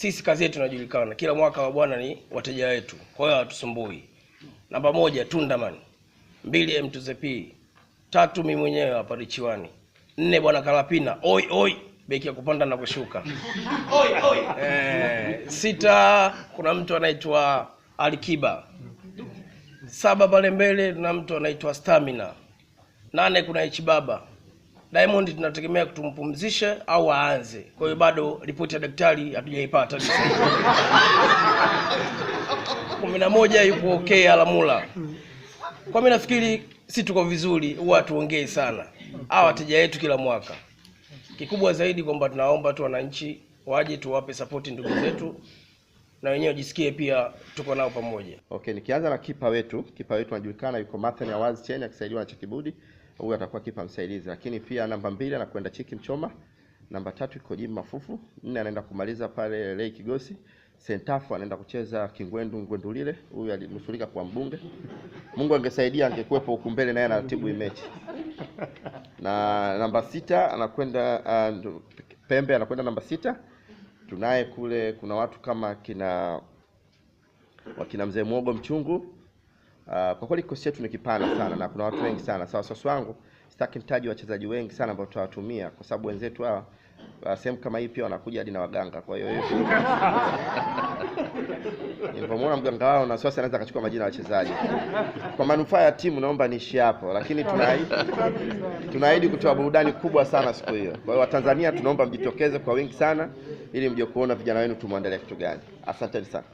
sisi kazi yetu inajulikana kila mwaka, wa bwana ni wateja wetu, kwa hiyo hatusumbui. Namba moja Tundaman, mbili M2ZP, tatu mimi mwenyewe hapa Richiwani, nne bwana Kalapina, oi oi beki ya kupanda na kushuka oi, oi. E, sita kuna mtu anaitwa Alikiba, saba pale mbele kuna mtu anaitwa Stamina, nane kuna Ichibaba Diamond tunategemea tumpumzishe au aanze. Kwa hiyo bado ripoti ya daktari hatujaipata. kumi na moja yupo okay, alamula kwa mimi nafikiri si tuko vizuri, huwa tuongee sana hawa wateja wetu kila mwaka. Kikubwa zaidi kwamba tunaomba tu wananchi waje tuwape sapoti ndugu zetu na wenyewe wajisikie pia tuko nao pamoja. Okay, nikianza na kipa wetu, kipa wetu anajulikana, yuko Mathan Awazi Cheni akisaidiwa na Chakibudi huyu atakuwa kipa msaidizi, lakini pia namba mbili anakwenda Chiki Mchoma, namba tatu iko jimu Mafufu, nne anaenda kumaliza pale Lei Kigosi, sentafu anaenda kucheza Kingwendu Ngwendulile, huyu alinusurika kwa mbunge. Mungu angesaidia angekuepo huku mbele naye anaratibu mechi. Na namba sita anakwenda uh, Pembe anakwenda namba sita. Tunaye kule kuna watu kama kina wakina mzee Mwogo Mchungu Uh, kwa kweli kikosi chetu ni kipana sana na kuna watu wengi sana. sawa sawa wangu sitaki nitaje wachezaji wengi sana ambao tutawatumia kwa sababu wenzetu hawa uh, sehemu kama hii pia wanakuja hadi na waganga. Kwa hiyo nilipomwona mganga wao na sasa anaweza akachukua majina ya wachezaji. Kwa manufaa ya timu, naomba niishi hapo, lakini tunaahidi tunaahidi kutoa burudani kubwa sana siku hiyo. Kwa hiyo Watanzania, tunaomba mjitokeze kwa wingi sana, ili mje kuona vijana wenu tumwandalia kitu gani. Asanteni sana.